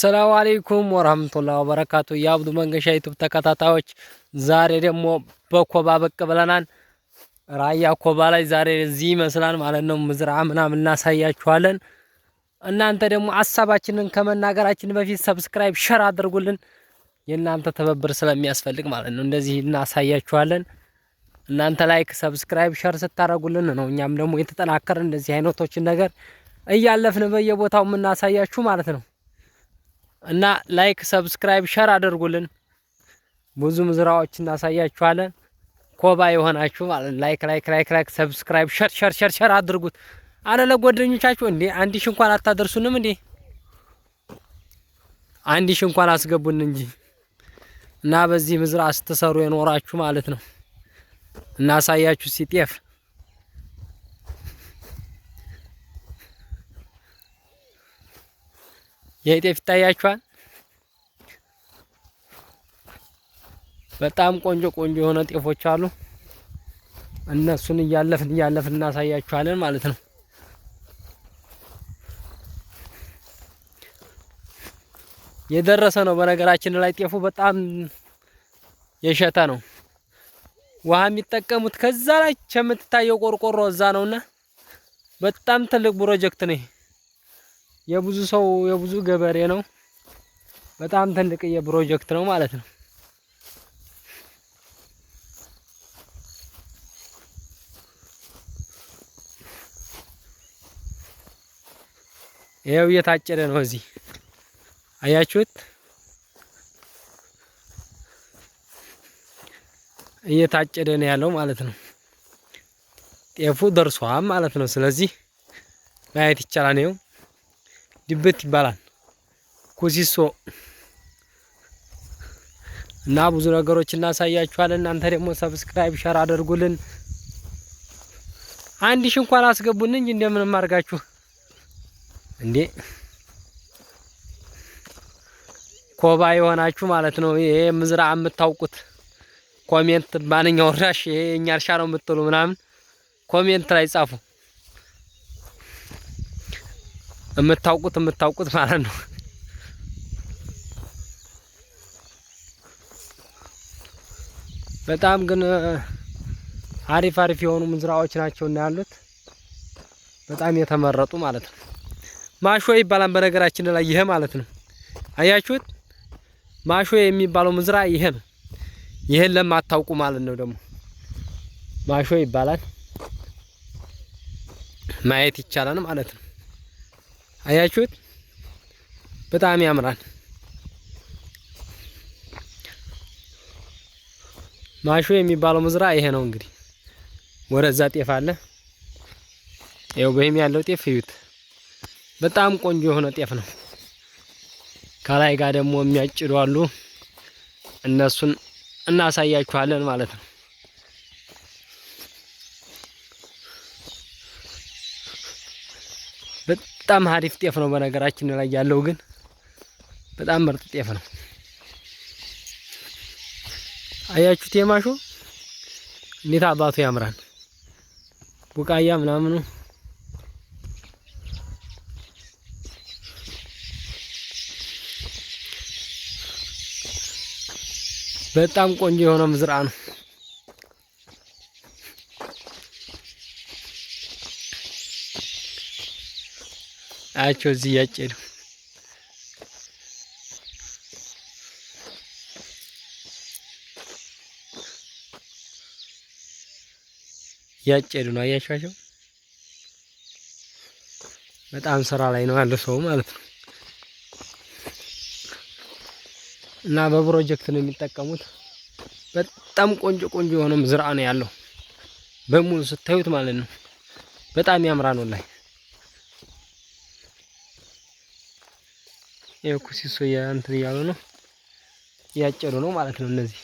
ሰላም አለይኩም ወራህመቱላሂ ወበረካቱ። የአብዱ መንገሻ ዩቲዩብ ተከታታዮች ዛሬ ደግሞ በኮባ በቅ ብለናል። ራያ ኮባ ላይ ዛሬ እዚህ ይመስላል ማለት ነው። ምዝራ ምናምን እናሳያችኋለን። እናንተ ደግሞ ሀሳባችንን ከመናገራችን በፊት ሰብስክራይብ፣ ሸር አድርጉልን። የእናንተ ትብብር ስለሚያስፈልግ ማለት ነው። እንደዚህ እናሳያችኋለን። እናንተ ላይክ፣ ሰብስክራይብ፣ ሸር ስታደርጉልን ነው እኛም ደግሞ የተጠናከርን እንደዚህ አይነቶችን ነገር እያለፍን በየቦታው የምናሳያችሁ ማለት ነው። እና ላይክ፣ ሰብስክራይብ፣ ሸር አድርጉልን። ብዙ ምዝራዎች እናሳያችኋለን። ኮባ የሆናችሁ ማለት ላይክ ላይክ ላይክ ላይክ ሰብስክራይብ ሸር ሸር ሸር ሸር አድርጉት። አለ ለጓደኞቻችሁ እንዴ አንድ እንኳን አታደርሱንም እንዴ? አንድ እንኳን አስገቡን እንጂ እና በዚህ ምዝራ ስትሰሩ የኖራችሁ ማለት ነው እናሳያችሁ ሲጤፍ ይሄ ጤፍ ይታያችኋል። በጣም ቆንጆ ቆንጆ የሆነ ጤፎች አሉ። እነሱን እያለፍን እያለፍን እናሳያችኋለን ማለት ነው። የደረሰ ነው። በነገራችን ላይ ጤፉ በጣም የሸተ ነው። ውሃ የሚጠቀሙት ከዛ ላይ የምትታየው ቆርቆሮ እዛ ነውና በጣም ትልቅ ፕሮጀክት ነው። የብዙ ሰው የብዙ ገበሬ ነው። በጣም ትልቅዬ ፕሮጀክት ነው ማለት ነው። ይኸው እየታጨደ ነው። እዚህ አያችሁት? እየታጨደ ነው ያለው ማለት ነው። ጤፉ ደርሷም ማለት ነው። ስለዚህ ማየት ይቻላል ነው ድብት ይባላል። ኩሲሶ እና ብዙ ነገሮች እናሳያችኋለን። እናንተ ደግሞ ሰብስክራይብ ሸር አድርጉልን። አንድ ሺ እንኳን እንጂ እንደምን አድርጋችሁ እንዴ ኮባ የሆናችሁ ማለት ነው። ይሄ ምዝራ የምታውቁት ኮሜንት ማንኛው ራሽ ይሄ እኛ እርሻ ነው የምትሉ ምናምን ኮሜንት ላይ ጻፉ። የምታውቁት የምታውቁት ማለት ነው። በጣም ግን አሪፍ አሪፍ የሆኑ ምንዝራዎች ናቸው እና ያሉት በጣም የተመረጡ ማለት ነው። ማሾ ይባላል በነገራችን ላይ ይሄ ማለት ነው። አያችሁት? ማሾ የሚባለው ምንዝራ ይሄ ነው። ይሄን ለማታውቁ ማለት ነው ደግሞ ማሾ ይባላል። ማየት ይቻላል ማለት ነው። አያችሁት? በጣም ያምራል። ማሾ የሚባለው ምዝራ ይሄ ነው እንግዲህ። ወረዛ ጤፍ አለ። ይኸው በሄም ያለው ጤፍ እዩት። በጣም ቆንጆ የሆነ ጤፍ ነው። ከላይ ጋር ደግሞ የሚያጭዱ አሉ። እነሱን እናሳያችኋለን ማለት ነው። በጣም ሀሪፍ ጤፍ ነው። በነገራችን ላይ ያለው ግን በጣም ምርጥ ጤፍ ነው። አያችሁት? የማሹ እንዴት አባቱ ያምራል። ቡቃያ ምናምኑ በጣም ቆንጆ የሆነ ምዝራ ነው። አያቸው እዚህ እያጨ እያጨዱ ነው። አያቸዋቸው በጣም ስራ ላይ ነው ያለው ሰው ማለት ነው። እና በፕሮጀክት ነው የሚጠቀሙት። በጣም ቆንጆ ቆንጆ የሆነም ዝርአ ነው ያለው በሙሉ ስታዩት ማለት ነው። በጣም ያምራል ወላሂ። ያው ኩሲሶ እንትን እያሉ ነው እያጨዱ ነው ማለት ነው እነዚህ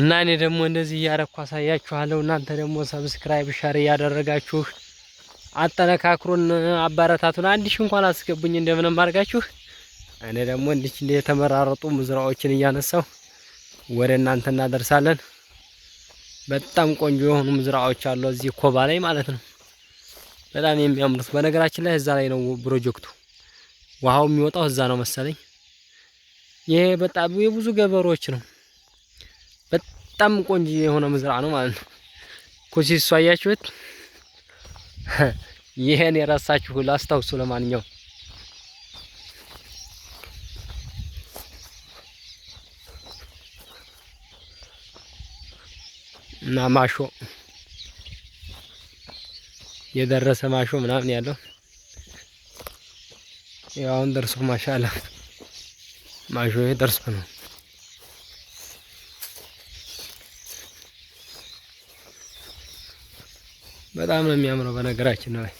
እና እኔ ደግሞ እንደዚህ እያረኩ አሳያችኋለሁ። እናንተ ደግሞ ሰብስክራይብ ሸር እያደረጋችሁ አጠነካክሩን፣ አባረታቱን። አንድ እንኳን አስገቡኝ እንደምንም አድርጋችሁ። እኔ ደግሞ እንደ የተመራረጡ ምዝራዎችን እያነሳው ወደ እናንተ እናደርሳለን። በጣም ቆንጆ የሆኑ ምዝራዎች አሉ እዚህ ኮባ ላይ ማለት ነው። በጣም የሚያምሩት በነገራችን ላይ እዛ ላይ ነው ፕሮጀክቱ። ውሃው የሚወጣው እዛ ነው መሰለኝ። ይሄ በጣም የብዙ ገበሬዎች ነው። በጣም ቆንጆ የሆነ ምዝራ ነው ማለት ነው። ኩሲ ሷያችሁት ይሄን የራሳችሁ ላስታውሱ። ለማንኛውም እና ማሾ የደረሰ ማሾ ምናምን ያለው ያው አሁን ደርሶ ማሻአላ ማሾ ደርሶ ነው። በጣም ነው የሚያምረው በነገራችን ላይ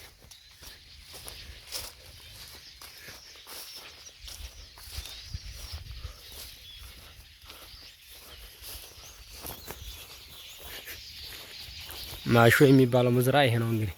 ማሾ የሚባለው ምዝራ ይሄ ነው እንግዲህ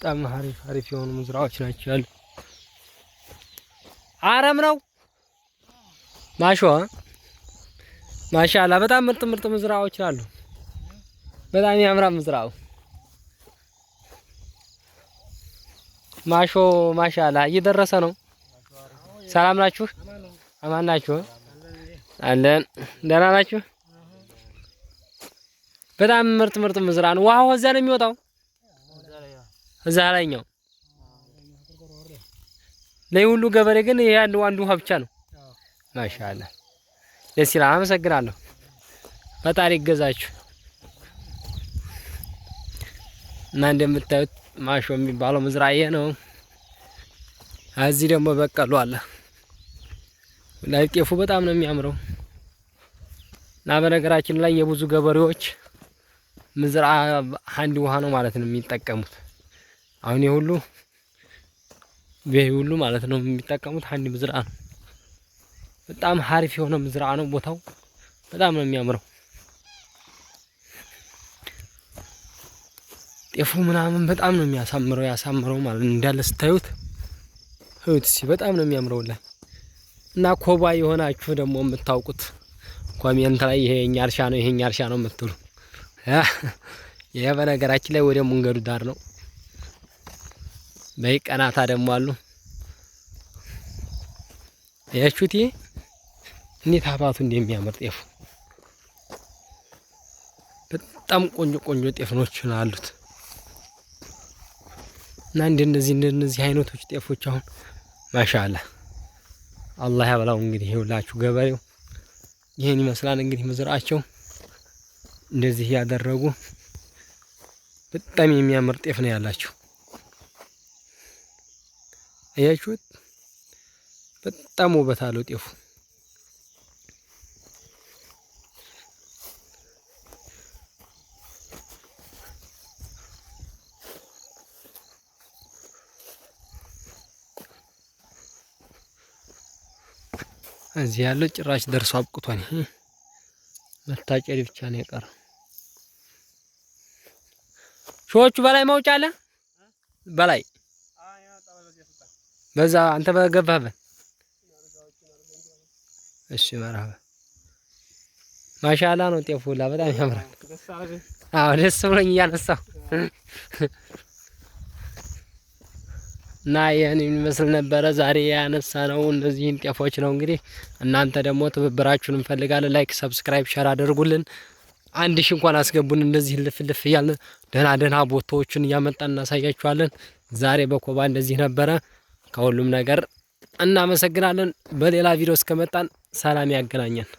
በጣም አሪፍ አሪፍ የሆኑ ሙዝራዎች ናቸው ያሉ። አረም ነው ማሾ ማሻላ። በጣም ምርጥ ምርጥ ምዝራዎች አሉ። በጣም ያምራ ምዝራው ማሾ ማሻላ። እየደረሰ ነው። ሰላም ናችሁ? አማን ናችሁ? አለን። ደህና ናችሁ? በጣም ምርጥ ምርጥ ሙዝራ ነው። ውሃ ወዛ ነው የሚወጣው እዛ ላይኛው ላይ ሁሉ ገበሬ ግን ይሄ አንዱ አንዱ ውሃ ብቻ ነው። ማሻአላ ደስ ይላል። አመሰግናለሁ። ፈጣሪ ይገዛችሁ እና እንደምታዩት ማሾ የሚባለው ምዝራዬ ነው። እዚህ ደግሞ በቀሉ አለ። ላይ ጤፉ በጣም ነው የሚያምረው እና በነገራችን ላይ የብዙ ገበሬዎች ምዝራ አንድ ውሃ ነው ማለት ነው የሚጠቀሙት። አሁን የሁሉ ይህ ሁሉ ማለት ነው የሚጠቀሙት ሀኒ ምዝርዓ ነው። በጣም ሀሪፍ የሆነ ምዝርዓ ነው። ቦታው በጣም ነው የሚያምረው። ጤፉ ምናምን በጣም ነው የሚያሳምረው ያሳምረው ማለት ነው። እንዳለ ስታዩት ህይወት ሲ በጣም ነው የሚያምረው ላይ እና ኮባ የሆናችሁ ደግሞ የምታውቁት ኮሜንት ላይ ይሄ የኛ እርሻ ነው ይሄ የኛ እርሻ ነው የምትሉ ይሄ በነገራችን ላይ ወደ መንገዱ ዳር ነው። በይ ቀናታ ደግሞ አሉ ያችሁት እንዴት አባቱ እንደሚያምር ጤፉ በጣም ቆንጆ ቆንጆ ጤፍኖች አሉት እና እንደነዚህ እንደነዚህ አይነቶች ጤፎች አሁን ማሻአላ አላህ ያበላው። እንግዲህ ይኸውላችሁ ገበሬው ይህን ይመስላል እንግዲህ መዝራቸው እንደዚህ ያደረጉ በጣም የሚያምር ጤፍ ነው ያላችሁ። አያችሁት? በጣም ውበት አለው ጤፉ። እዚህ ያለው ጭራሽ ደርሶ አብቅቷል። መታጨድ ብቻ ነው የቀረው። ሾዎቹ በላይ መውጫ አለ በላይ በዛ አንተ በገባህበት እሺ፣ መርሀባ ማሻላ ነው። ጤፉ ሁላ በጣም ያምራል። አዎ ደስ ብሎኝ እያነሳሁ እና ይህን የሚመስል ነበረ ዛሬ ያነሳ ነው። እነዚህን ጤፎች ነው እንግዲህ። እናንተ ደግሞ ትብብራችሁን እንፈልጋለን። ላይክ፣ ሰብስክራይብ፣ ሸር አድርጉልን። አንድ ሺ እንኳን አስገቡን። እንደዚህ ልፍ ልፍ እያልን ደህና ደህና ቦታዎችን እያመጣን እናሳያችኋለን። ዛሬ በኮባ እንደዚህ ነበረ። ከሁሉም ነገር እናመሰግናለን። በሌላ ቪዲዮ እስከመጣን ሰላም ያገናኘን።